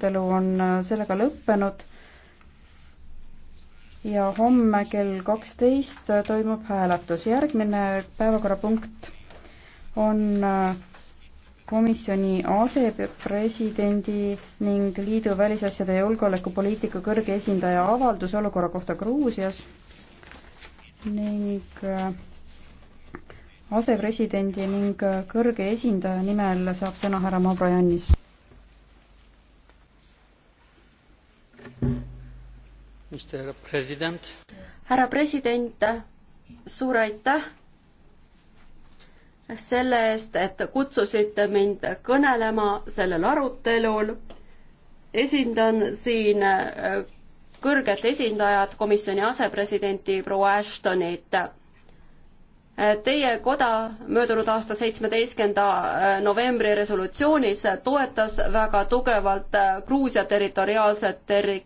arutelu on äh, sellega lõppenud ja homme kell kaksteist äh, toimub hääletus. järgmine päevakorrapunkt on äh, komisjoni asepresidendi ning liidu välisasjade ja julgeolekupoliitika kõrge esindaja avaldus olukorra kohta Gruusias ning asepresidendi ning kõrge esindaja nimel saab sõna härra Mavrojannis. härra president, suur aitäh selle eest, et kutsusite mind kõnelema sellel arutelul. esindan siin äh, kõrget esindajat, komisjoni asepresidenti proua Ashtonit. Äh, teie koda möödunud aasta seitsmeteistkümnenda äh, novembri resolutsioonis toetas väga tugevalt Gruusia territoriaalset terri-,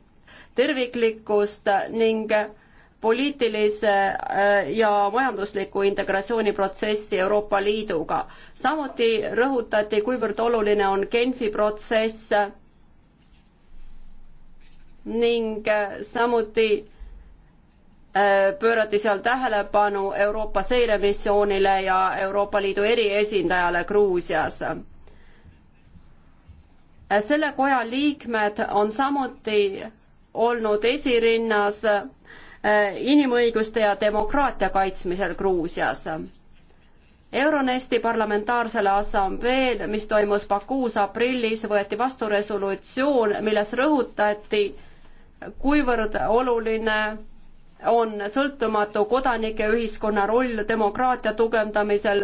terviklikkust ning poliitilise äh, ja majandusliku integratsiooni protsessi Euroopa Liiduga. samuti rõhutati, kuivõrd oluline on Genfi protsess ning äh, samuti äh, pöörati seal tähelepanu Euroopa seiremissioonile ja Euroopa Liidu eriesindajale Gruusias. selle koja liikmed on samuti olnud esirinnas äh, inimõiguste ja demokraatia kaitsmisel Gruusias. Euronesti parlamentaarsele assambleel, mis toimus Bakuus aprillis, võeti vastu resolutsioon, milles rõhutati, kuivõrd oluline on sõltumatu kodanikeühiskonna roll demokraatia tugevdamisel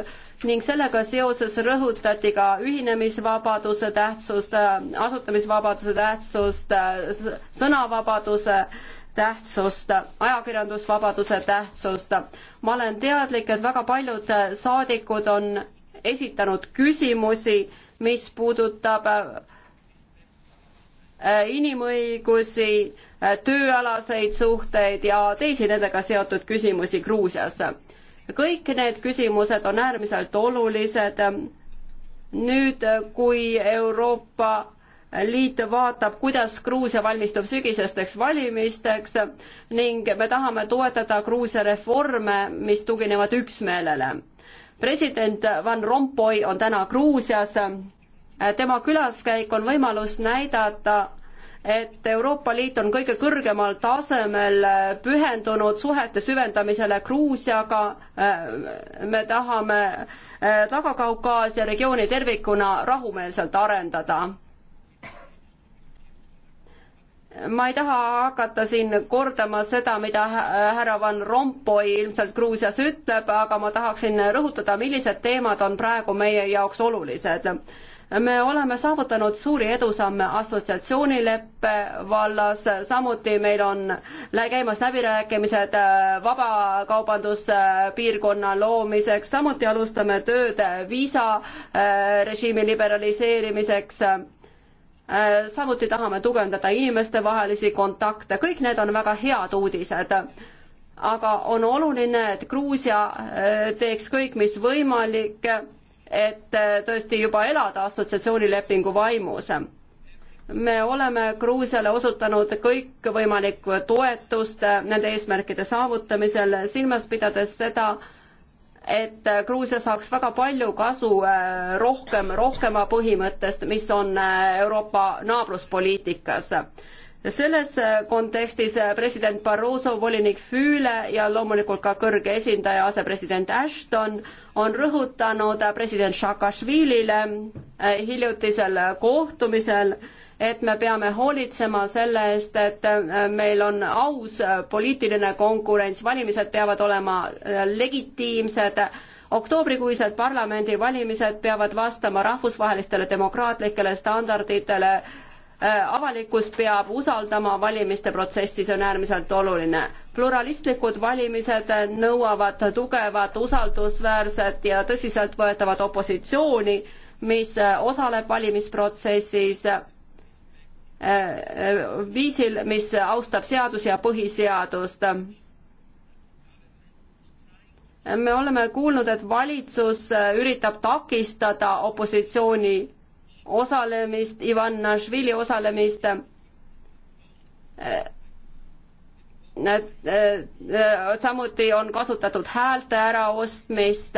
ning sellega seoses rõhutati ka ühinemisvabaduse tähtsust, asutamisvabaduse tähtsust, sõnavabaduse tähtsust, ajakirjandusvabaduse tähtsust. ma olen teadlik, et väga paljud saadikud on esitanud küsimusi, mis puudutab Äh, inimõigusi, äh, tööalaseid suhteid ja teisi nendega seotud küsimusi Gruusias. kõik need küsimused on äärmiselt olulised. nüüd, äh, kui Euroopa Liit vaatab, kuidas Gruusia valmistub sügisesteks valimisteks ning me tahame toetada Gruusia reforme, mis tuginevad üksmeelele. president Van Rompuy on täna Gruusias tema külaskäik on võimalus näidata, et Euroopa Liit on kõige kõrgemal tasemel pühendunud suhete süvendamisele Gruusiaga. me tahame eh, Taga-Kaukaasia regiooni tervikuna rahumeelselt arendada. ma ei taha hakata siin kordama seda, mida härra Van Rompuy ilmselt Gruusias ütleb, aga ma tahaksin rõhutada, millised teemad on praegu meie jaoks olulised me oleme saavutanud suuri edusamme assotsiatsioonileppe vallas, samuti meil on käimas läbirääkimised äh, vabakaubanduspiirkonna loomiseks, samuti alustame tööd viisarežiimi äh, liberaliseerimiseks äh, samuti tahame tugevdada inimestevahelisi kontakte, kõik need on väga head uudised aga on oluline, et Gruusia teeks kõik, mis võimalik et äh, tõesti juba elada assotsiatsioonilepingu vaimus. me oleme Gruusiale osutanud kõikvõimalikku toetust äh, nende eesmärkide saavutamisel, silmas pidades seda, et äh, Gruusia saaks väga palju kasu rohkem, rohkema põhimõttest, mis on Euroopa naabruspoliitikas selles äh, kontekstis äh, president Barroso, volinik Füüle ja loomulikult ka kõrge esindaja asepresident Ashton on rõhutanud äh, president Saakašvilile hiljutisel kohtumisel, et me peame hoolitsema selle eest, et meil on aus poliitiline konkurents, valimised peavad olema legitiimsed oktoobrikuised parlamendivalimised peavad vastama rahvusvahelistele demokraatlikele standarditele Äh, avalikkus peab usaldama valimiste protsessi, see on äärmiselt oluline. pluralistlikud valimised nõuavad tugevat, usaldusväärset ja tõsiseltvõetavat opositsiooni, mis äh, osaleb valimisprotsessis äh, viisil, mis austab seadusi ja põhiseadust. me oleme kuulnud, et valitsus üritab takistada opositsiooni osalemist, Ivan Našvili osalemist. samuti on kasutatud häälte äraostmist.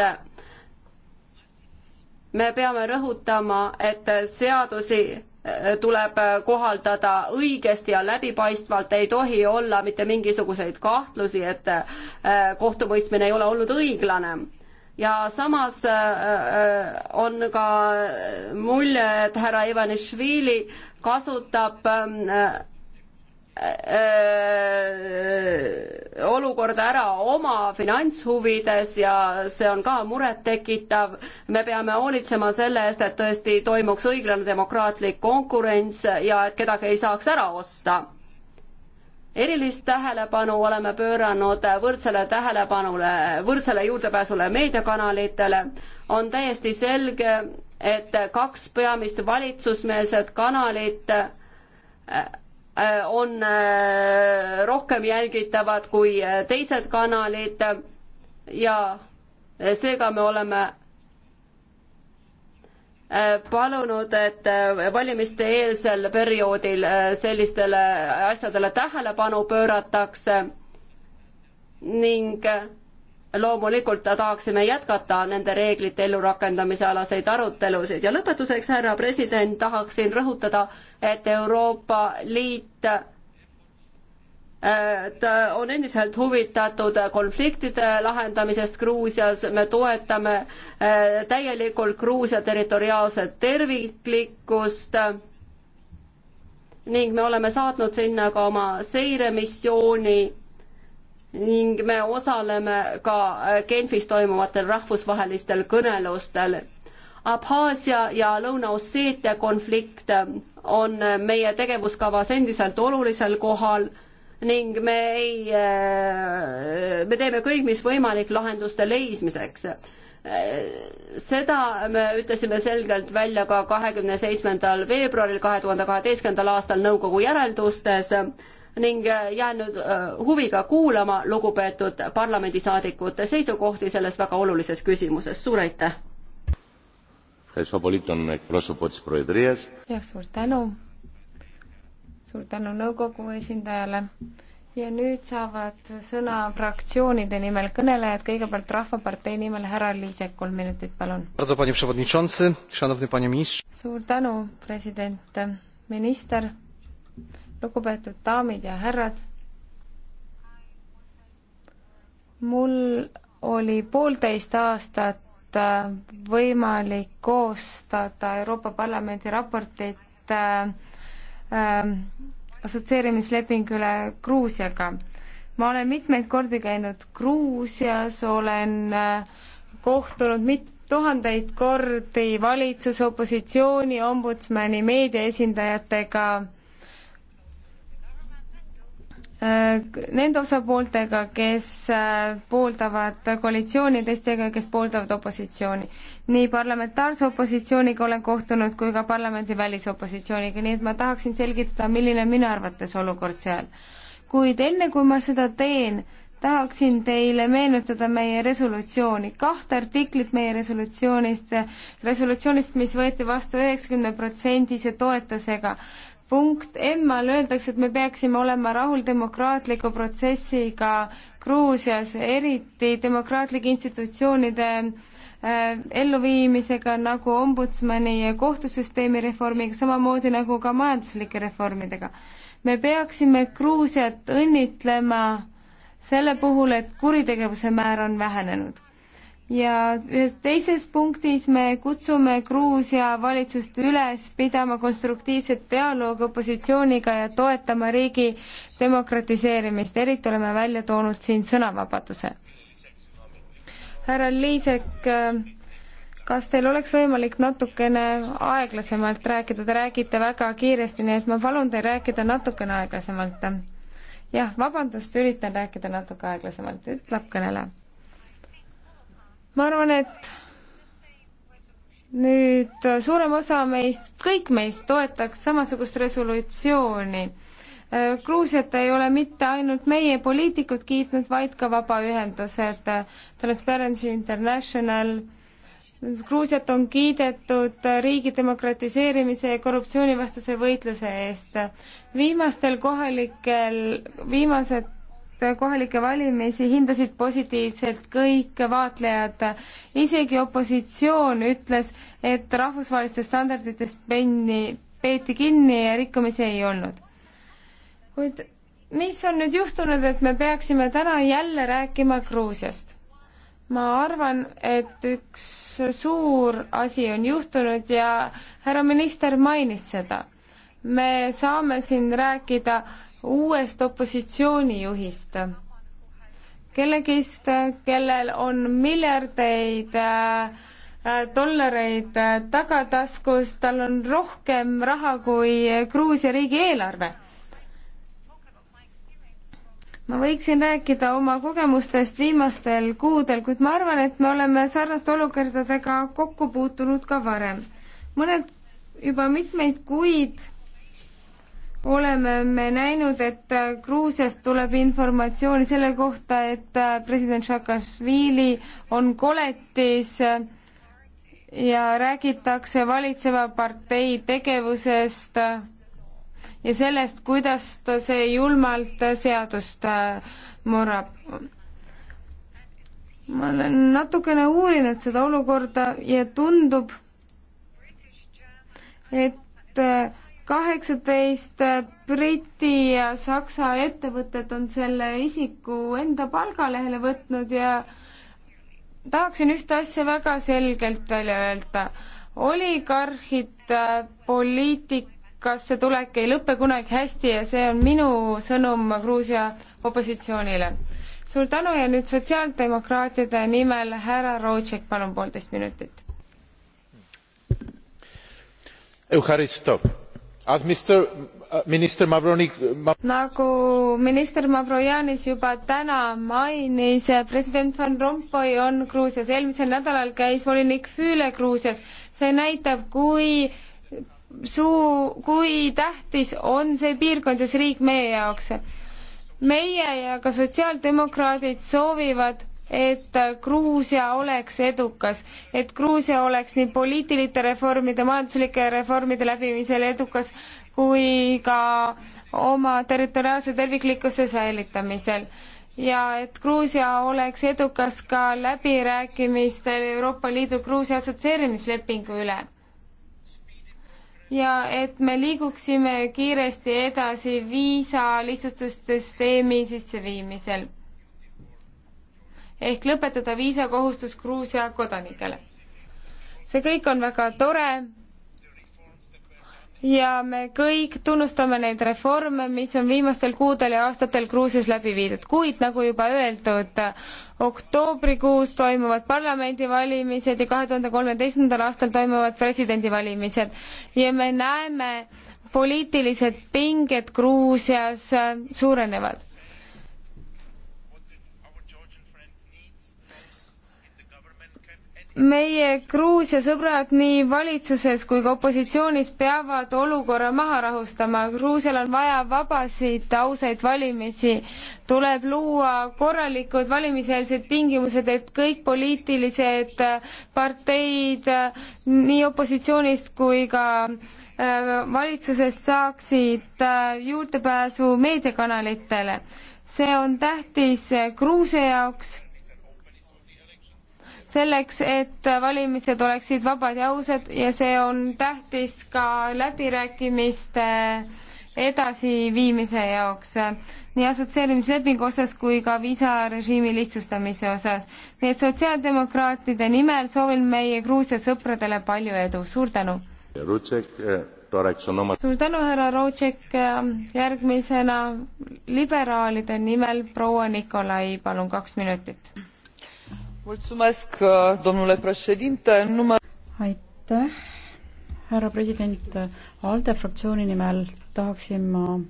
me peame rõhutama, et seadusi tuleb kohaldada õigesti ja läbipaistvalt, ei tohi olla mitte mingisuguseid kahtlusi, et kohtumõistmine ei ole olnud õiglane ja samas äh, äh, on ka mulje, et härra Ivanišvili kasutab ähm, äh, olukorda ära oma finantshuvides ja see on ka murettekitav. me peame hoolitsema selle eest, et tõesti toimuks õiglane demokraatlik konkurents ja et kedagi ei saaks ära osta erilist tähelepanu oleme pööranud võrdsele tähelepanule, võrdsele juurdepääsule meediakanalitele. on täiesti selge, et kaks peamist valitsusmeelset kanalit äh, on äh, rohkem jälgitavad kui teised kanalid ja seega me oleme palunud, et äh, valimiste eelsel perioodil äh, sellistele asjadele tähelepanu pööratakse ning äh, loomulikult tahaksime jätkata nende reeglite ellurakendamise alaseid arutelusid ja lõpetuseks, härra president, tahaksin rõhutada, et Euroopa Liit ta on endiselt huvitatud konfliktide lahendamisest Gruusias, me toetame eh, täielikult Gruusia territoriaalset terviklikkust ning me oleme saatnud sinna ka oma seiremissiooni ning me osaleme ka Genfis toimuvatel rahvusvahelistel kõnelustel. Abhaasia ja Lõuna-Osseetia konflikt on meie tegevuskavas endiselt olulisel kohal ning me ei, äh, me teeme kõik, mis võimalik lahenduste leidmiseks. Äh, seda me ütlesime selgelt välja ka kahekümne seitsmendal veebruaril kahe tuhande kaheteistkümnendal aastal nõukogu järeldustes ning jään nüüd äh, huviga kuulama lugupeetud parlamendisaadikute seisukohti selles väga olulises küsimuses, suur aitäh! jah, suur tänu! suur tänu nõukogu esindajale ja nüüd saavad sõna fraktsioonide nimel kõnelejad, kõigepealt Rahvapartei nimel härra Liisek, kolm minutit, palun. suur tänu, president, minister, lugupeetud daamid ja härrad. mul oli poolteist aastat äh, võimalik koostada Euroopa Parlamendi raportit äh, Ähm, assotsieerimisleping üle Gruusiaga. ma olen mitmeid kordi käinud Gruusias, olen äh, kohtunud mit-, tuhandeid kordi valitsuse, opositsiooni, ombudsmani, meedia esindajatega Äh, nende osapooltega, kes äh, pooldavad koalitsiooni, teistega, kes pooldavad opositsiooni. nii parlamentaarse opositsiooniga olen kohtunud kui ka parlamendi välisopositsiooniga, nii et ma tahaksin selgitada, milline on minu arvates olukord seal. kuid enne, kui ma seda teen, tahaksin teile meenutada meie resolutsiooni, kahte artiklit meie resolutsioonist, resolutsioonist, mis võeti vastu üheksakümne protsendise toetusega punkt M-l öeldakse, et me peaksime olema rahul demokraatliku protsessiga Gruusias, eriti demokraatlike institutsioonide äh, elluviimisega nagu ombudsmani ja kohtusüsteemi reformiga, samamoodi nagu ka majanduslike reformidega. me peaksime Gruusiat õnnitlema selle puhul, et kuritegevuse määr on vähenenud ja ühes teises punktis me kutsume Gruusia valitsust üles pidama konstruktiivset dialoogi opositsiooniga ja toetama riigi demokratiseerimist, eriti oleme välja toonud siin sõnavabaduse. härra Liisek, kas teil oleks võimalik natukene aeglasemalt rääkida, te räägite väga kiiresti, nii et ma palun teil rääkida natukene aeglasemalt. jah, vabandust, üritan rääkida natuke aeglasemalt, ütleb kõneleja ma arvan, et nüüd suurem osa meist, kõik meist toetaks samasugust resolutsiooni. Gruusiat ei ole mitte ainult meie poliitikud kiitnud, vaid ka vabaühendused, Transparency International, Gruusiat on kiidetud riigi demokratiseerimise ja korruptsioonivastase võitluse eest. viimastel kohalikel, viimased kohalikke valimisi hindasid positiivselt kõik vaatlejad. isegi opositsioon ütles, et rahvusvahelistest standarditest penni, peeti kinni ja rikkumisi ei olnud. kuid mis on nüüd juhtunud, et me peaksime täna jälle rääkima Gruusiast? ma arvan, et üks suur asi on juhtunud ja härra minister mainis seda. me saame siin rääkida uuest opositsioonijuhist, kellegist, kellel on miljardeid äh, dollareid äh, tagataskus, tal on rohkem raha kui Gruusia riigieelarve. ma võiksin rääkida oma kogemustest viimastel kuudel, kuid ma arvan, et me oleme sarnaste olukordadega kokku puutunud ka varem. mõned juba mitmeid kuid oleme me näinud, et äh, Gruusiast tuleb informatsiooni selle kohta, et äh, president Saakašvili on koletis äh, ja räägitakse valitseva partei tegevusest ja sellest, kuidas ta see julmalt seadust murrab. ma olen natukene uurinud seda olukorda ja tundub, et kaheksateist Briti ja Saksa ettevõtet on selle isiku enda palgalehele võtnud ja tahaksin ühte asja väga selgelt välja öelda. oligarhid, äh, poliitikasse tulek ei lõpe kunagi hästi ja see on minu sõnum Gruusia opositsioonile. suur tänu ja nüüd sotsiaaldemokraatide nimel härra Rootšek, palun poolteist minutit. Eucharisto Mister, uh, minister uh, nagu minister mavroianis juba täna mainis eh, president van rompuy on gruusias eelmisel nädalal käis volinik füle gruusias see näitab kui suu- kui tähtis on see piirkond ja see riik meie jaoks meie ja ka sotsiaaldemokraadid soovivad et Gruusia oleks edukas, et Gruusia oleks nii poliitiliste reformide, majanduslike reformide läbiviimisel edukas kui ka oma territoriaalse terviklikkuse säilitamisel ja et Gruusia oleks edukas ka läbirääkimistel Euroopa Liidu Gruusia assotsieerimislepingu üle. ja et me liiguksime kiiresti edasi viisa lihtsustussüsteemi sisseviimisel ehk lõpetada viisakohustus Gruusia kodanikele. see kõik on väga tore ja me kõik tunnustame neid reforme, mis on viimastel kuudel ja aastatel Gruusias läbi viidud, kuid nagu juba öeldud, oktoobrikuus toimuvad parlamendivalimised ja kahe tuhande kolmeteistkümnendal aastal toimuvad presidendivalimised ja me näeme, poliitilised pinged Gruusias suurenevad meie Gruusia sõbrad nii valitsuses kui ka opositsioonis peavad olukorra maha rahustama. Gruusial on vaja vabasid, ausaid valimisi. tuleb luua korralikud valimiseelsed tingimused, et kõik poliitilised parteid nii opositsioonist kui ka äh, valitsusest saaksid äh, juurdepääsu meediakanalitele. see on tähtis Gruusia jaoks selleks, et valimised oleksid vabad ja ausad ja see on tähtis ka läbirääkimiste edasiviimise jaoks, nii assotsieerimislepingu osas kui ka viisarežiimi lihtsustamise osas. nii et sotsiaaldemokraatide nimel soovin meie Gruusia sõpradele palju edu, suur tänu! Eh, suur tänu, härra Rootšek, eh, järgmisena liberaalide nimel proua Nikolai, palun kaks minutit Uh, aitäh, härra president, ALDE fraktsiooni nimel tahaksin ma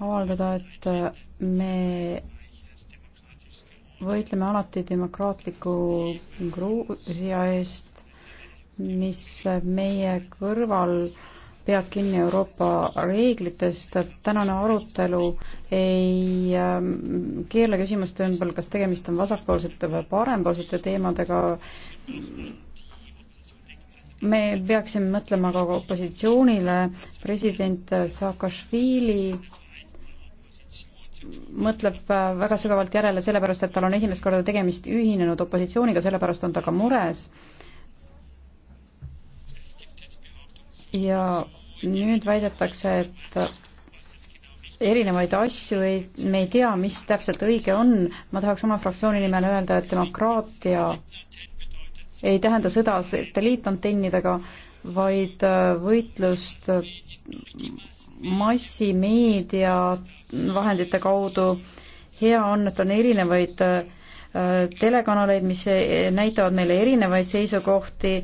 avaldada, et äh, me võitleme alati demokraatliku Gruusia eest, mis meie kõrval äh, peab kinni Euroopa reeglitest. tänane arutelu ei ähm, keerle küsimuste ümber, kas tegemist on vasakpoolsete või parempoolsete teemadega. me peaksime mõtlema ka opositsioonile. president Saakašvili mõtleb äh, väga sügavalt järele, sellepärast et tal on esimest korda tegemist ühinenud opositsiooniga, sellepärast on ta ka mures ja nüüd väidetakse, et erinevaid asju ei, me ei tea, mis täpselt õige on, ma tahaks oma fraktsiooni nimel öelda, et demokraatia ei tähenda sõda satelliitantennidega, vaid äh, võitlust massimeedia vahendite kaudu. hea on, et on erinevaid äh, telekanaleid, mis äh, näitavad meile erinevaid seisukohti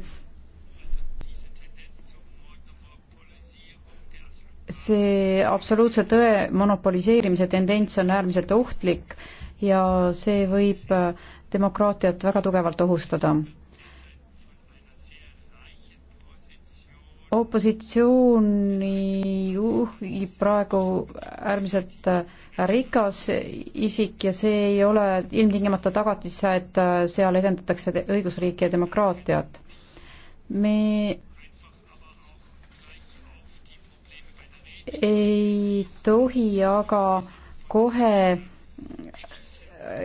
see absoluutse tõe monopoliseerimise tendents on äärmiselt ohtlik ja see võib äh, demokraatiat väga tugevalt ohustada. opositsiooni juhib praegu äärmiselt äh, rikas isik ja see ei ole ilmtingimata tagatis, et äh, seal edendatakse õigusriiki ja demokraatiat. me ei tohi aga kohe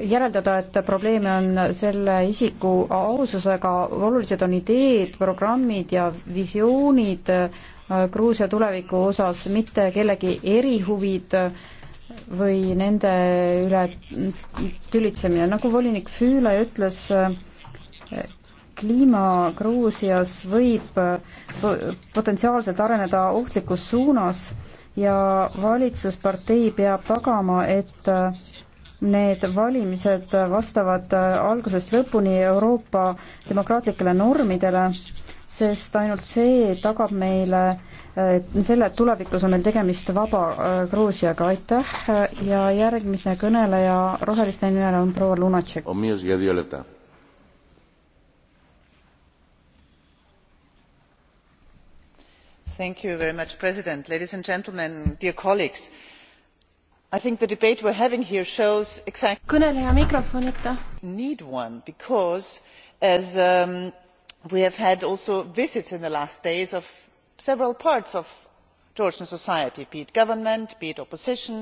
järeldada, et probleeme on selle isiku aususega, olulised on ideed, programmid ja visioonid äh, Gruusia tuleviku osas, mitte kellegi erihuvid või nende üle tülitsemine. nagu volinik Füüle ütles, äh, kliima Gruusias võib potentsiaalselt areneda ohtlikus suunas ja valitsuspartei peab tagama, et need valimised vastavad algusest lõpuni Euroopa demokraatlikele normidele, sest ainult see tagab meile selle, et tulevikus on meil tegemist vaba äh, Gruusiaga, aitäh ja järgmine kõneleja roheliste nimel on proua Lunatšek. mr president ladies and gentlemen dear colleagues i think the debate we are having here shows exactly the need for one because as um, we have had also visits in the last days from several parts of georgian society be it government be it opposition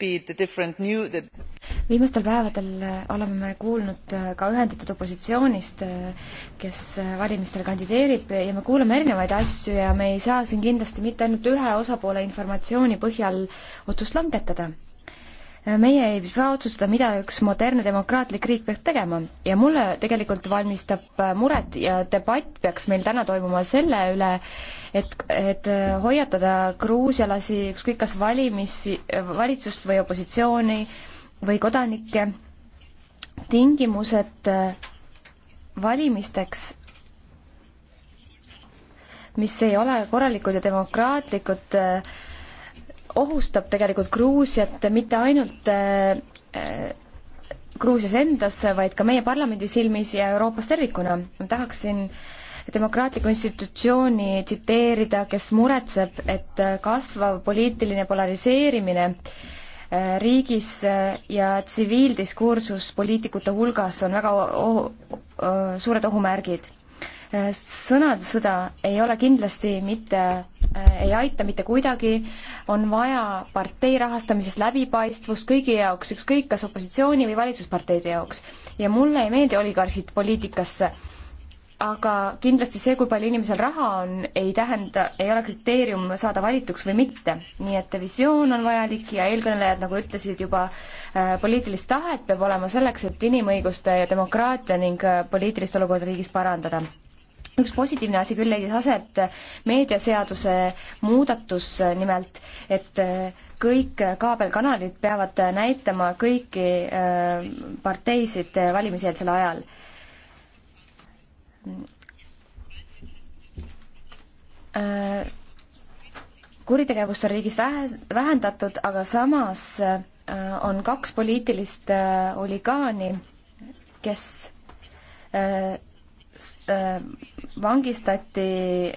be it the different new the viimastel päevadel äh, oleme me kuulnud äh, ka ühendatud opositsioonist, äh, kes valimistel kandideerib ja me kuuleme erinevaid asju ja me ei saa siin kindlasti mitte ainult ühe osapoole informatsiooni põhjal otsust langetada meie ei saa otsustada, mida üks modernne demokraatlik riik peaks tegema ja mulle tegelikult valmistab äh, muret ja debatt peaks meil täna toimuma selle üle, et, et äh, hoiatada gruusialasi, ükskõik kas valimisi, valitsust või opositsiooni või kodanikke, tingimused äh, valimisteks mis ei ole korralikud ja demokraatlikud äh, ohustab tegelikult Gruusiat mitte ainult äh, äh, Gruusias endas, vaid ka meie parlamendi silmis ja Euroopas tervikuna. ma tahaksin demokraatlikku institutsiooni tsiteerida, kes muretseb, et kasvav poliitiline polariseerimine äh, riigis ja tsiviildiskursus poliitikute hulgas on väga ohu, suured ohumärgid sõnasõda ei ole kindlasti mitte Äh, ei aita mitte kuidagi, on vaja partei rahastamises läbipaistvust kõigi jaoks, ükskõik kas opositsiooni või valitsusparteide jaoks. ja mulle ei meeldi oligarhid poliitikasse, aga kindlasti see, kui palju inimesel raha on, ei tähenda, ei ole kriteerium saada valituks või mitte. nii et visioon on vajalik ja eelkõnelejad, nagu ütlesid juba, äh, poliitilist tahet peab olema selleks, et inimõiguste ja demokraatia ning äh, poliitilist olukorda riigis parandada üks positiivne asi küll leidis aset meediaseaduse muudatus nimelt, et äh, kõik kaabelkanalid peavad äh, näitama kõiki äh, parteisid valimiseelsel ajal. kuritegevust on riigis vähe, vähendatud, aga samas on kaks poliitilist oligaani, kes Äh, vangistati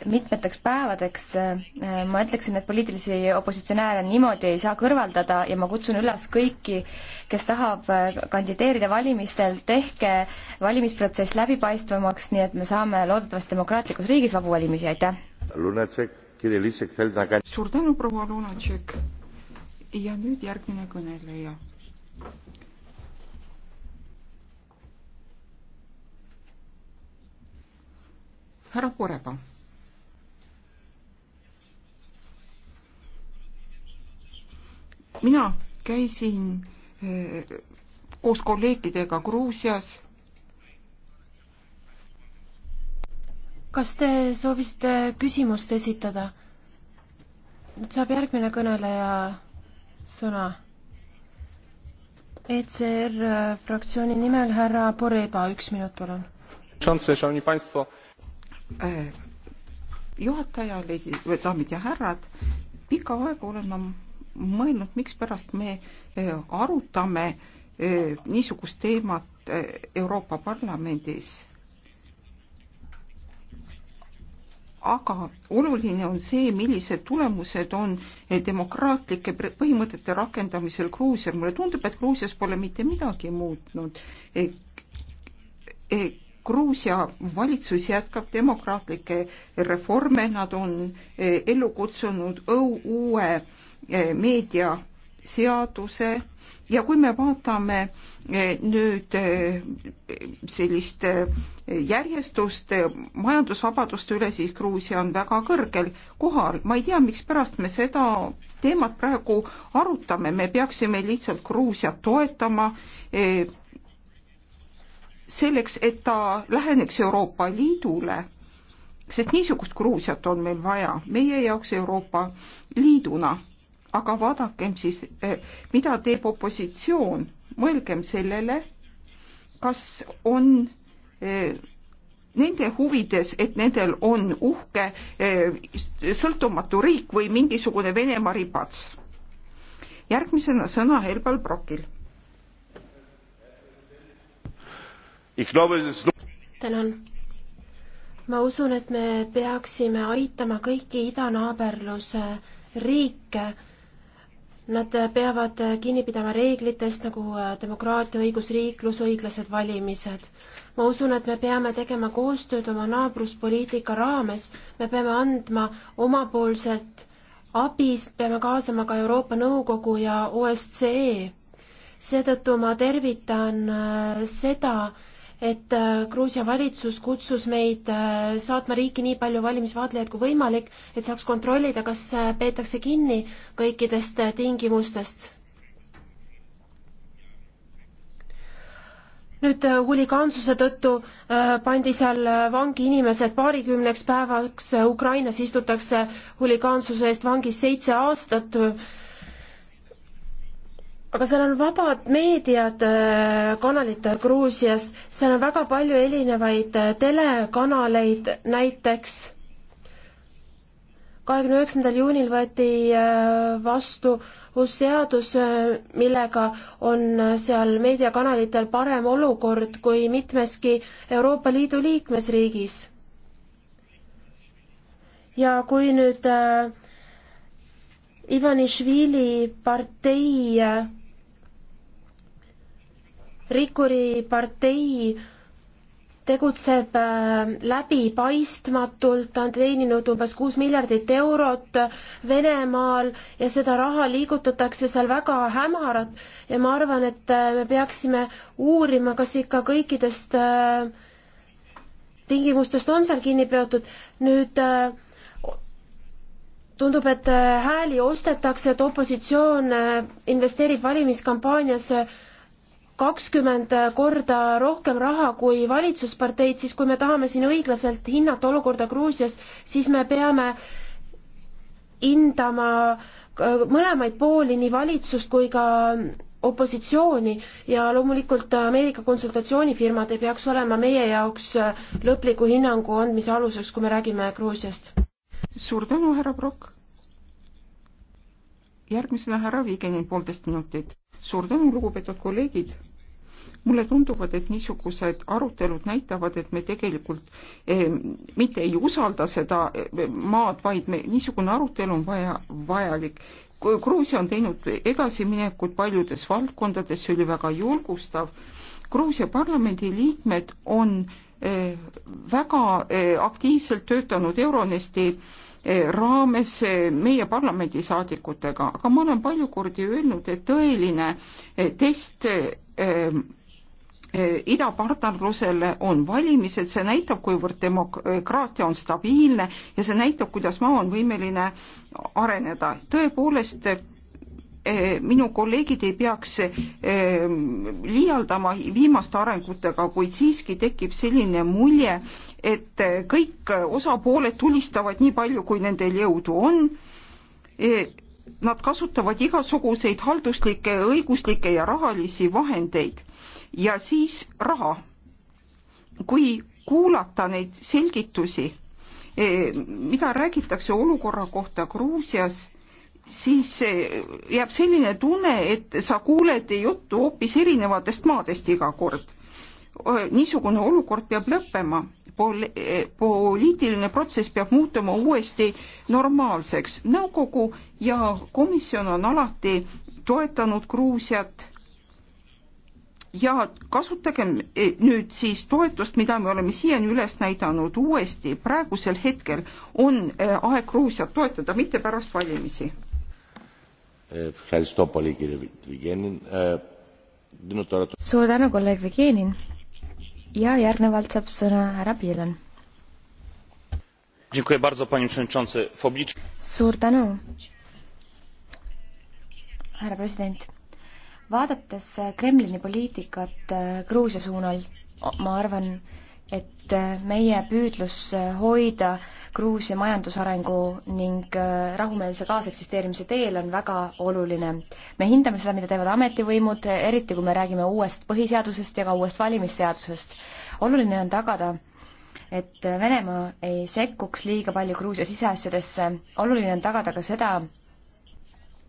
mitmeteks päevadeks, äh, ma ütleksin, et poliitilisi opositsionääre niimoodi ei saa kõrvaldada ja ma kutsun üles kõiki, kes tahab äh, kandideerida valimistel, tehke valimisprotsess läbipaistvamaks, nii et me saame loodetavasti demokraatlikus riigis vabu valimisi, aitäh! suur tänu, proua Lunatšek! ja nüüd järgmine kõneleja. härra Poreba. mina käisin eh, koos kolleegidega Gruusias. kas te soovisite küsimust esitada? nüüd saab järgmine kõneleja sõna. ECR fraktsiooni nimel härra Poreba, üks minut palun. Äh, juhataja, daamid ja härrad, pikka aega olen ma mõelnud, mikspärast me äh, arutame äh, niisugust teemat Euroopa Parlamendis. aga oluline on see, millised tulemused on demokraatlike põhimõtete rakendamisel Gruusial. mulle tundub, et Gruusias pole mitte midagi muutnud Gruusia valitsus jätkab demokraatlikke reforme, nad on eh, ellu kutsunud uue eh, meediaseaduse ja kui me vaatame eh, nüüd sellist järjestust majandusvabaduste üle, siis Gruusia on väga kõrgel kohal. ma ei tea, mikspärast me seda teemat praegu arutame, me peaksime lihtsalt Gruusiat toetama selleks, et ta läheneks Euroopa Liidule, sest niisugust Gruusiat on meil vaja, meie jaoks Euroopa Liiduna. aga vaadakem siis, eh, mida teeb opositsioon, mõelgem sellele, kas on eh, nende huvides, et nendel on uhke eh, sõltumatu riik või mingisugune Venemaa ribats. järgmisena sõna Helbal Brokil tänan. ma usun, et me peaksime aitama kõiki idanaaberluse riike Nad peavad kinni pidama reeglitest nagu äh, demokraatia, õigusriiklus, õiglased valimised. ma usun, et me peame tegema koostööd oma naabruspoliitika raames, me peame andma omapoolselt abi, peame kaasama ka Euroopa Nõukogu ja OSCE. seetõttu ma tervitan äh, seda, et äh, Gruusia valitsus kutsus meid äh, saatma riiki nii palju valimisvaatlejaid kui võimalik, et saaks kontrollida, kas äh, peetakse kinni kõikidest tingimustest. nüüd huligaansuse tõttu pandi seal vangi inimesed paarikümneks päevaks, Ukrainas istutakse huligaansuse eest vangis seitse aastat aga seal on vabad meediakanalid äh, Gruusias, seal on väga palju erinevaid äh, telekanaleid, näiteks kahekümne üheksandal juunil võeti äh, vastu uus seadus, millega on seal meediakanalitel parem olukord kui mitmeski Euroopa Liidu liikmesriigis. ja kui nüüd Ivanišvili partei rikkuri partei tegutseb äh, läbipaistmatult, ta on teeninud umbes kuus miljardit eurot Venemaal ja seda raha liigutatakse seal väga hämarat ja ma arvan, et äh, me peaksime uurima, kas ikka kõikidest äh, tingimustest on seal kinni peetud. nüüd tundub, et hääli ostetakse, et opositsioon investeerib valimiskampaaniasse kakskümmend korda rohkem raha kui valitsusparteid, siis kui me tahame siin õiglaselt hinnata olukorda Gruusias, siis me peame hindama äh, mõlemaid pooli, nii valitsust kui ka opositsiooni ja loomulikult Ameerika konsultatsioonifirmad ei peaks olema meie jaoks äh, lõpliku hinnangu andmise aluseks, kui me räägime Gruusiast. suur tänu, härra Brock. järgmisena härra Viigenin, poolteist minutit suur tänu, lugupeetud kolleegid. mulle tunduvad, et niisugused arutelud näitavad, et me tegelikult eh, mitte ei usalda seda eh, maad, vaid me, niisugune arutelu on vaja, vajalik. Gruusia on teinud edasiminekut paljudes valdkondades, see oli väga julgustav. Gruusia parlamendi liikmed on eh, väga eh, aktiivselt töötanud Euronesti eh, Eh, raames eh, meie parlamendisaadikutega, aga ma olen palju kordi öelnud, et tõeline eh, test idapartnerlusele on valimised, see näitab, kuivõrd demokraatia on stabiilne ja see näitab, kuidas maa on võimeline areneda. tõepoolest, minu kolleegid ei peaks liialdama viimaste arengutega, kuid siiski tekib selline mulje, et kõik osapooled tulistavad nii palju, kui nendel jõudu on. E, nad kasutavad igasuguseid halduslikke, õiguslikke ja rahalisi vahendeid ja siis raha. kui kuulata neid selgitusi, e, mida räägitakse olukorra kohta Gruusias siis e, jääb selline tunne, et sa kuuled juttu hoopis erinevatest maadest iga kord. niisugune olukord peab lõppema pol-, eh, poliitiline protsess peab muutuma uuesti normaalseks. nõukogu ja komisjon on alati toetanud Gruusiat ja kasutagem eh, nüüd siis toetust, mida me oleme siiani üles näidanud uuesti, praegusel hetkel on eh, aeg Gruusiat toetada, mitte pärast valimisi. suur tänu, kolleeg Vigenin ja järgnevalt saab sõna härra Pielen. suur tänu, härra president. vaadates Kremlini poliitikat eh, Gruusia suunal, ma arvan, et äh, meie püüdlus äh, hoida Gruusia majandusarengu ning äh, rahumeelse kaaseksisteerimise teel on väga oluline. me hindame seda, mida teevad ametivõimud, eriti kui me räägime uuest põhiseadusest ja ka uuest valimisseadusest. oluline on tagada, et Venemaa ei sekkuks liiga palju Gruusia siseasjadesse, oluline on tagada ka seda,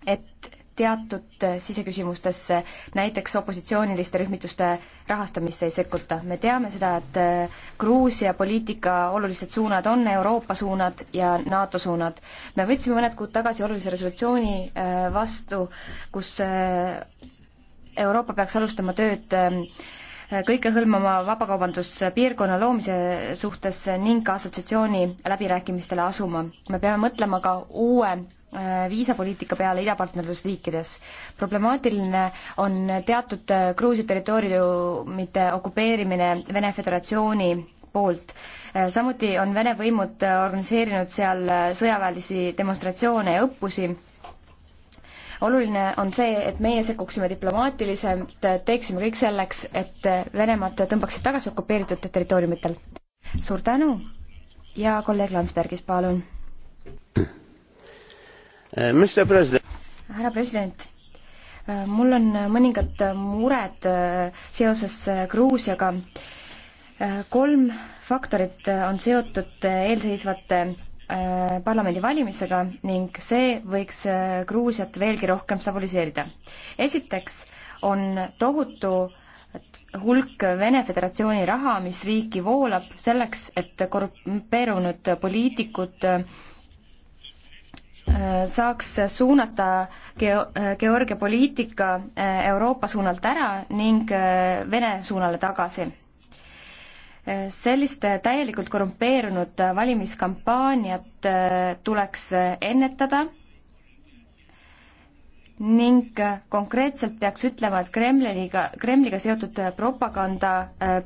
et teatud siseküsimustesse, näiteks opositsiooniliste rühmituste rahastamisse ei sekkuta. me teame seda, et äh, Gruusia poliitika olulised suunad on Euroopa suunad ja NATO suunad. me võtsime mõned kuud tagasi olulise resolutsiooni äh, vastu, kus äh, Euroopa peaks alustama tööd ähm, kõikehõlmama vabakaubanduspiirkonna loomise suhtes ning ka assotsiatsiooni läbirääkimistele asuma. me peame mõtlema ka uue Äh, viisapoliitika peale idapartnerlusriikides. problemaatiline on teatud äh, Gruusia territooriumite okupeerimine Vene Föderatsiooni poolt. Äh, samuti on Vene võimud organiseerinud seal sõjaväelisi demonstratsioone ja õppusi, oluline on see, et meie sekkuksime diplomaatiliselt, teeksime kõik selleks, et Venemaad tõmbaksid tagasi okupeeritud territooriumitel. suur tänu ja kolleeg Landsbergis, palun. Eh, härra president, eh, mul on mõningad mured eh, seoses Gruusiaga. kolm faktorit on seotud eelseisvate parlamendivalimistega ning see võiks Gruusiat veelgi rohkem stabiliseerida. esiteks on tohutu hulk Vene Föderatsiooni raha, mis riiki voolab selleks, et korrumpeerunud poliitikud saaks suunata Geo-, Georgia poliitika eh, Euroopa suunalt ära ning eh, Vene suunale tagasi. Eh, sellist täielikult korrumpeerunud valimiskampaaniat tuleks ennetada ning konkreetselt peaks ütlema, et Kremliga, Kremliga seotud propaganda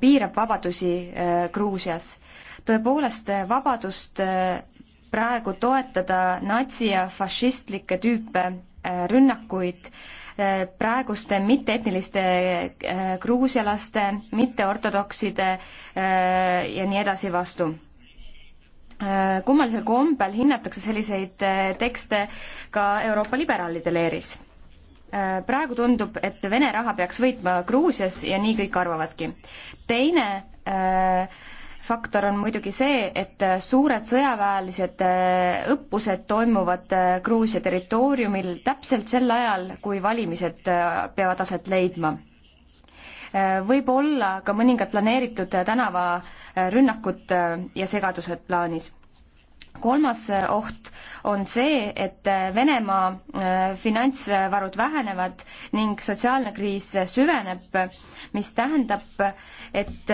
piirab vabadusi Gruusias. tõepoolest, vabadust praegu toetada natsi- ja fašistlikke tüüpe äh, rünnakuid äh, praeguste mitteetniliste äh, gruusialaste, mitteortodokside ja nii edasi vastu. kummalisel kombel hinnatakse selliseid tekste ka Euroopa liberaalide leeris. praegu tundub, et Vene raha peaks võitma Gruusias ja nii kõik arvavadki. teine äh, faktor on muidugi see, et äh, suured sõjaväelised äh, õppused toimuvad äh, Gruusia territooriumil täpselt sel ajal, kui valimised peavad aset leidma. võib olla ka mõningad planeeritud tänavarünnakud ja segadused plaanis kolmas äh, oht on see, et äh, Venemaa äh, finantsvarud vähenevad ning sotsiaalne kriis süveneb, mis tähendab, et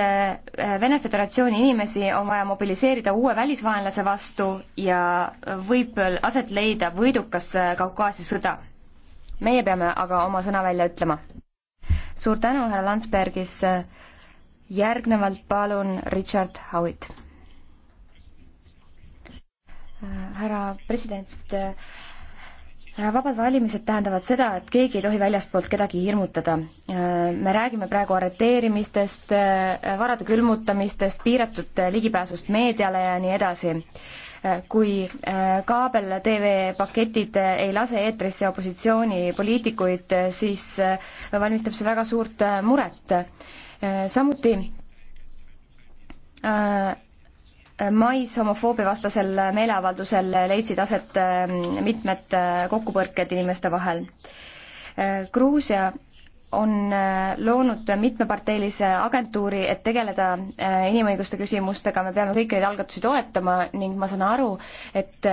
Vene Föderatsiooni inimesi on vaja mobiliseerida uue välisvaenlase vastu ja võib aset leida võidukas Kaukaasia sõda. meie peame aga oma sõna välja ütlema. suur tänu, härra Landsbergis, järgnevalt palun Richard Howitt Äh, härra president, äh, äh, vabad valimised tähendavad seda, et keegi ei tohi väljastpoolt kedagi hirmutada. me räägime praegu arreteerimistest, varade külmutamistest, piiratud ligipääsust meediale ja nii edasi kui kaabel tv paketid ei lase eetrisse opositsioonipoliitikuid, siis valmistab see väga suurt muret. samuti mais homofoobia vastasel meeleavaldusel leidsid aset ähm, mitmed äh, kokkupõrked inimeste vahel. Äh, Gruusia on äh, loonud mitmeparteilise agentuuri, et tegeleda inimõiguste küsimustega, me peame kõiki neid algatusi toetama ning ma saan aru, et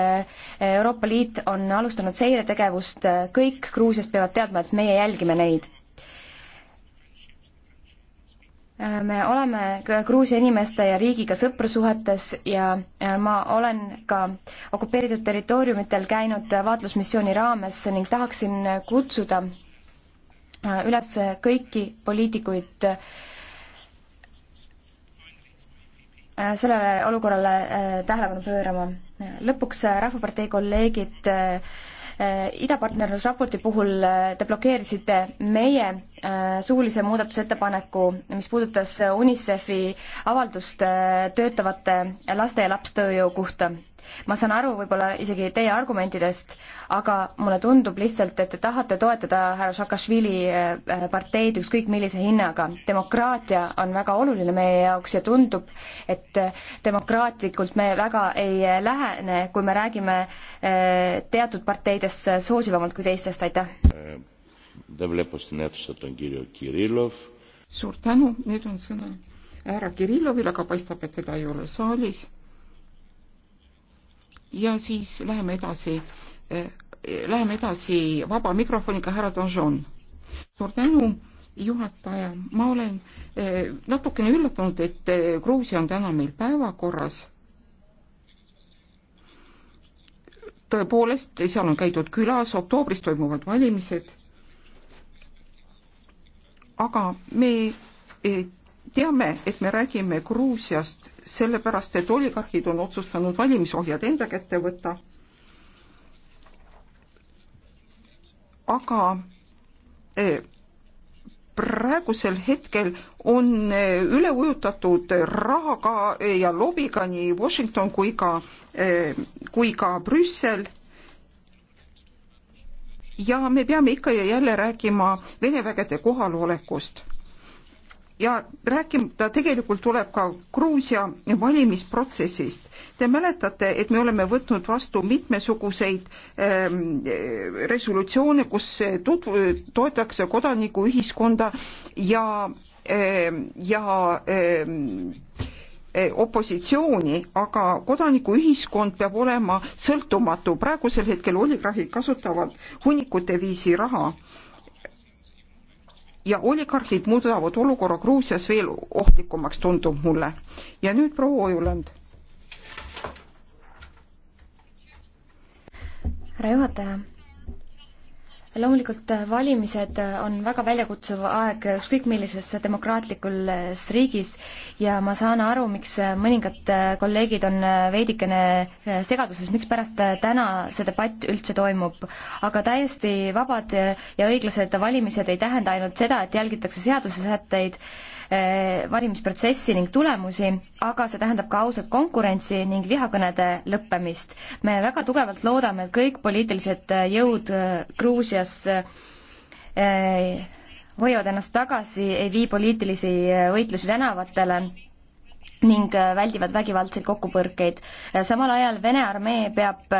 Euroopa Liit on alustanud seiretegevust, kõik Gruusias peavad teadma, et meie jälgime neid me oleme Gruusia inimeste ja riigiga sõprussuhetes ja äh, ma olen ka okupeeritud territooriumitel käinud vaatlusmissiooni raames ning tahaksin kutsuda äh, üles kõiki poliitikuid äh, sellele olukorrale tähelepanu pöörama. lõpuks Rahvapartei kolleegid Äh, idapartnerlusraporti puhul äh, te blokeerisite meie äh, suulise muudatusettepaneku, mis puudutas UNICEF-i avaldust töötavate laste ja lapstööjõu kohta ma saan aru võib-olla isegi teie argumentidest, aga mulle tundub lihtsalt, et te tahate toetada härra Šakašvili äh, parteid ükskõik millise hinnaga. demokraatia on väga oluline meie jaoks ja tundub, et äh, demokraatlikult me väga ei äh, lähene, kui me räägime teatud parteidest soosivamalt kui teistest, aitäh. suur tänu, nüüd on sõna härra Kirillovil, aga paistab, et teda ei ole saalis ja siis läheme edasi, eh, läheme edasi vaba mikrofoniga, härra Donjon. suur tänu, juhataja, ma olen eh, natukene üllatunud, et eh, Gruusia on täna meil päevakorras. tõepoolest, seal on käidud külas, oktoobris toimuvad valimised. aga me teame, et me räägime Gruusiast sellepärast, et oligarhid on otsustanud valimisohjad enda kätte võtta. aga eh, praegusel hetkel on eh, üle ujutatud rahaga ja lobiga nii Washington kui ka, eh, kui ka Brüssel ja me peame ikka ja jälle rääkima Vene vägede kohalolekust ja rääkida tegelikult tuleb ka Gruusia valimisprotsessist. Te mäletate, et me oleme võtnud vastu mitmesuguseid ähm, resolutsioone, kus tutv-, toetatakse kodanikuühiskonda ja ähm,, ja ähm, opositsiooni, aga kodanikuühiskond peab olema sõltumatu. praegusel hetkel oligarhid kasutavad hunnikute viisi raha ja oligarhid muudavad olukorra Gruusias veel ohtlikumaks, tundub mulle. ja nüüd proua Ojuland. härra juhataja loomulikult äh, valimised äh, on väga väljakutsuv aeg äh, ükskõik millises demokraatlikus riigis ja ma saan aru, miks mõningad kolleegid on veidikene segaduses, mikspärast täna see debatt üldse toimub. aga täiesti vabad ja õiglased valimised ei tähenda ainult seda, et jälgitakse seadusesätteid, Eh, valimisprotsessi ning tulemusi, aga see tähendab ka ausat konkurentsi ning vihakõnede lõppemist. me väga tugevalt loodame, et kõik poliitilised jõud eh, Gruusias eh, hoiavad ennast tagasi, ei vii poliitilisi võitlusi tänavatele ning väldivad vägivaldseid kokkupõrkeid. samal ajal Vene armee peab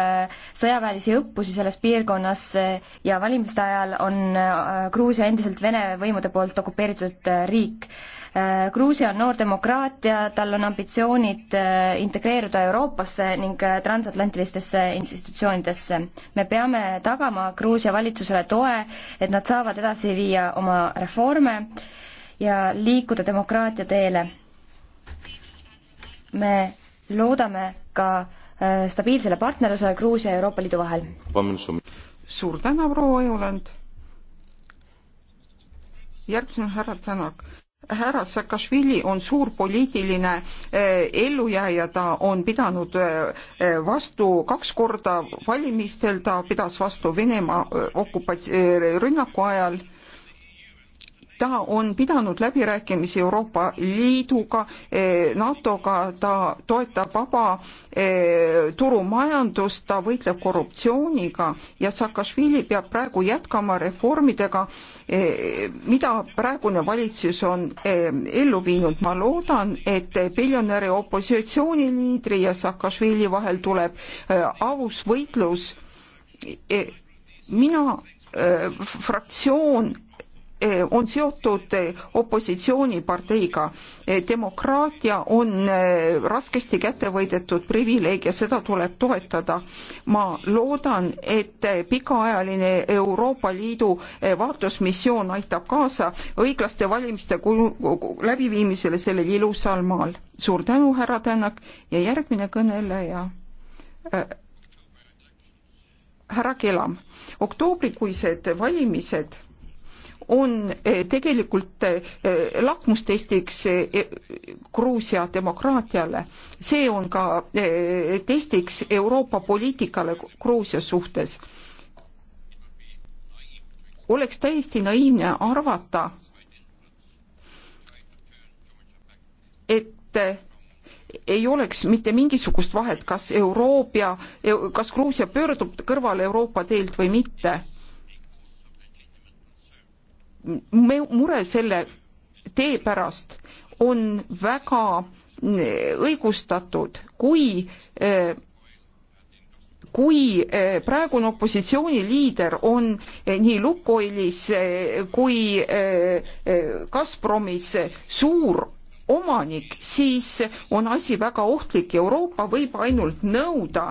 sõjaväelisi õppusi selles piirkonnas ja valimiste ajal on Gruusia endiselt Vene võimude poolt okupeeritud riik. Äh, Gruusia on noor demokraatia, tal on ambitsioonid äh, integreeruda Euroopasse ning äh, transatlantilistesse institutsioonidesse. me peame tagama Gruusia valitsusele toe, et nad saavad edasi viia oma reforme ja liikuda demokraatia teele. me loodame ka stabiilsele partnerlusele Gruusia ja Euroopa Liidu vahel. suur tänu, proua Ojuland. järgmisena härra Tänak härra Saakašvili on suur poliitiline eh, ellujääja, ta on pidanud eh, eh, vastu kaks korda valimistel, ta pidas vastu Venemaa okupats-, rünnaku ajal ta on pidanud läbirääkimisi Euroopa Liiduga, eh, NATO-ga, ta toetab vaba eh, turumajandust, ta võitleb korruptsiooniga ja Saakašvili peab praegu jätkama reformidega, eh, mida praegune valitsus on ellu viinud. ma loodan, et miljonäri opositsiooniliidri ja Saakašvili vahel tuleb aus võitlus. mina fraktsioon Eh, on seotud eh, opositsiooniparteiga. Eh, demokraatia on raskesti kättevõidetud privileeg ja seda tuleb toetada. ma loodan, et pikaajaline Euroopa Liidu vaatlusmissioon aitab kaasa õiglaste valimiste läbiviimisele sellel ilusal maal. suur tänu, härra Tänak ja järgmine kõneleja äh, härra Kelam. oktoobrikuised valimised on eh, tegelikult eh, lakmustestiks eh, Gruusia demokraatiale. see on ka testiks Euroopa poliitikale Gruusia suhtes. oleks täiesti naiivne arvata, et ei oleks mitte mingisugust vahet, kas Euroopa, kas Gruusia pöördub kõrvale Euroopa teelt või mitte mure selle tee pärast on väga mm, õigustatud, kui eh, kui eh, praegune opositsiooniliider on eh, nii Lukoilis kui Gazpromis suur omanik, siis on asi väga ohtlik. Euroopa võib ainult nõuda,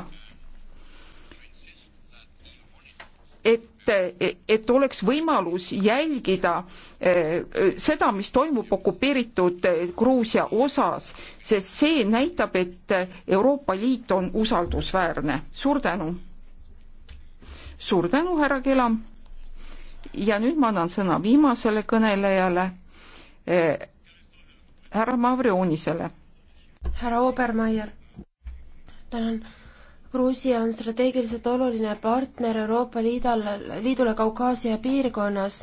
et et, et oleks võimalus jälgida eh, seda, mis toimub okupeeritud eh, Gruusia osas, sest see näitab, et Euroopa Liit on usaldusväärne. suur tänu! suur tänu, härra Kelam! ja nüüd ma annan sõna viimasele kõnelejale, eh, härra Mavrionisele. härra Obermeier, tänan Gruusia on strateegiliselt oluline partner Euroopa Liidal, Liidule Kaukaasia piirkonnas.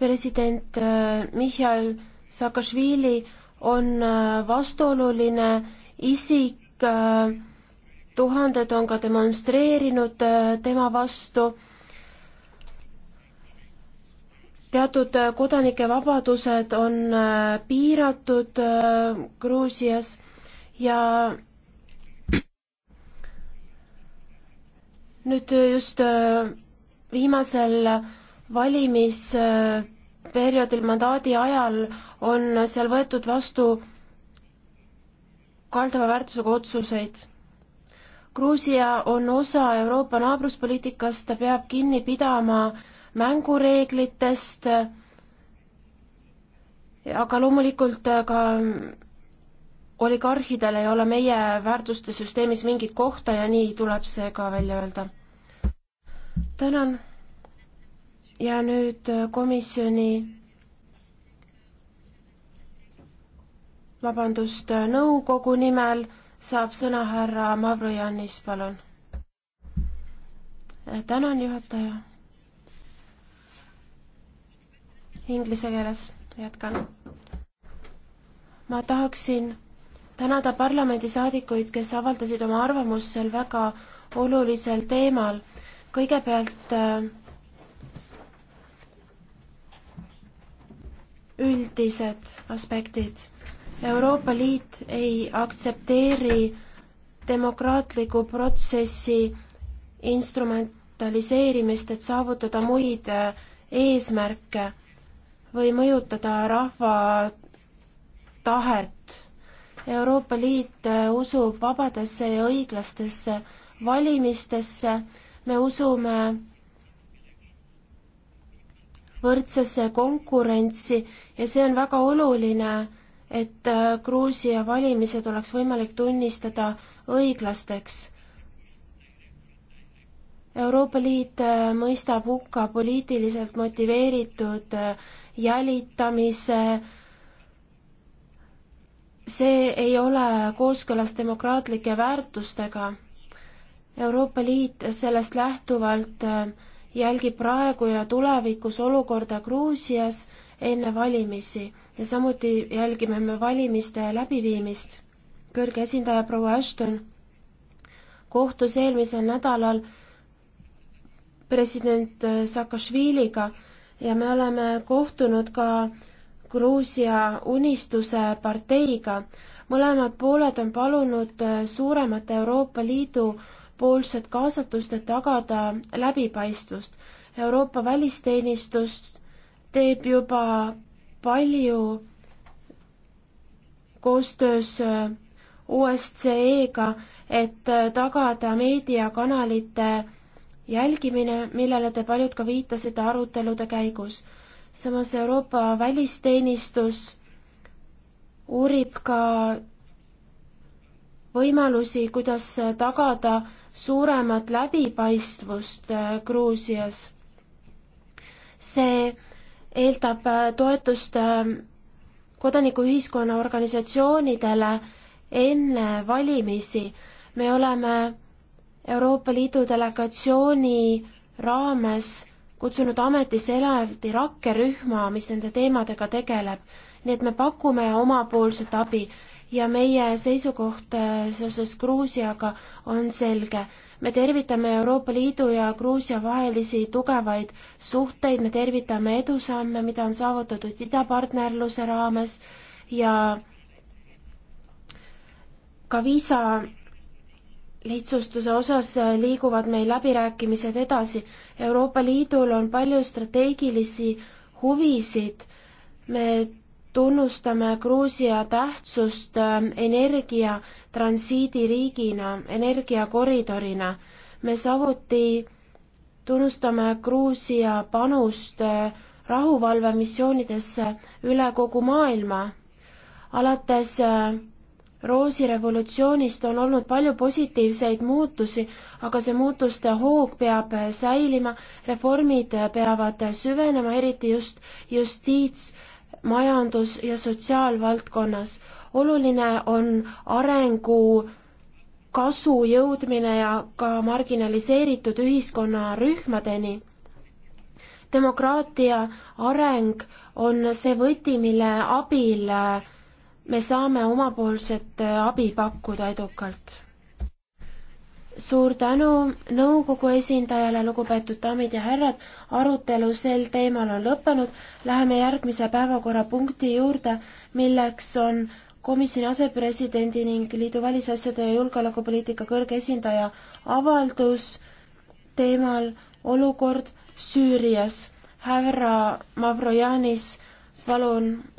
president äh, Mihhail Saakašvili on äh, vastuoluline isik, äh, tuhanded on ka demonstreerinud tema vastu. teatud kodanike vabadused on piiratud Gruusias ja nüüd äh, just äh, viimasel valimisperioodil, mandaadi ajal on seal võetud vastu kaldava väärtusega otsuseid. Gruusia on osa Euroopa naabruspoliitikast, ta peab kinni pidama mängureeglitest, aga loomulikult ka oligarhidel ei ole meie väärtuste süsteemis mingit kohta ja nii tuleb see ka välja öelda tänan. ja nüüd äh, komisjoni, vabandust, äh, nõukogu nimel saab sõna härra Mavrojannis, palun. Äh, tänan, juhataja. Inglise keeles jätkan. ma tahaksin tänada parlamendisaadikuid, kes avaldasid oma arvamust sel väga olulisel teemal kõigepealt äh, üldised aspektid. Euroopa Liit ei aktsepteeri demokraatliku protsessi instrumentaliseerimist, et saavutada muid äh, eesmärke või mõjutada rahva tahet. Euroopa Liit äh, usub vabadesse ja õiglastesse valimistesse me usume võrdsesse konkurentsi ja see on väga oluline, et äh, Gruusia valimised oleks võimalik tunnistada õiglasteks. Euroopa Liit äh, mõistab hukka poliitiliselt motiveeritud äh, jälitamise, see ei ole kooskõlas demokraatlike väärtustega Euroopa Liit sellest lähtuvalt äh, jälgib praegu ja tulevikus olukorda Gruusias enne valimisi ja samuti jälgime me valimiste läbiviimist. kõrge esindaja proua Ashton kohtus eelmisel nädalal president äh, Saakašviliga ja me oleme kohtunud ka Gruusia Unistuse parteiga. mõlemad pooled on palunud äh, suuremat Euroopa Liidu poolset kaasatust, et tagada läbipaistvust. Euroopa välisteenistus teeb juba palju koostöös OSCE-ga, äh, et äh, tagada meediakanalite jälgimine, millele te paljud ka viitasite arutelude käigus. samas Euroopa välisteenistus uurib ka võimalusi, kuidas tagada suuremat läbipaistvust äh, Gruusias. see eeldab äh, toetust äh, kodanikuühiskonna organisatsioonidele enne valimisi. me oleme Euroopa Liidu delegatsiooni raames kutsunud ametisse eraldi rakkerühma, mis nende teemadega tegeleb. nii et me pakume omapoolset abi ja meie seisukoht äh, seoses Gruusiaga on selge. me tervitame Euroopa Liidu ja Gruusia vahelisi tugevaid suhteid, me tervitame edusamme, mida on saavutatud idapartnerluse raames ja ka viisa lihtsustuse osas äh, liiguvad meil läbirääkimised edasi. Euroopa Liidul on palju strateegilisi huvisid. me tunnustame Gruusia tähtsust ähm, energia transiidiriigina, energiakoridorina. me samuti tunnustame Gruusia panust äh, rahuvalvemissioonidesse üle kogu maailma. alates äh, roosirevolutsioonist on olnud palju positiivseid muutusi, aga see muutuste hoog peab äh, säilima, reformid peavad süvenema, eriti just justiits- majandus- ja sotsiaalvaldkonnas. oluline on arengu kasu jõudmine ja ka marginaliseeritud ühiskonnarühmadeni. demokraatia areng on see võti, mille abil me saame omapoolset abi pakkuda edukalt suur tänu nõukogu esindajale, lugupeetud daamid ja härrad, arutelu sel teemal on lõppenud, läheme järgmise päevakorrapunkti juurde, milleks on komisjoni asepresidendi ning liidu välisasjade ja julgeolekupoliitika kõrge esindaja avaldus teemal olukord Süürias. härra Mavrojanis, palun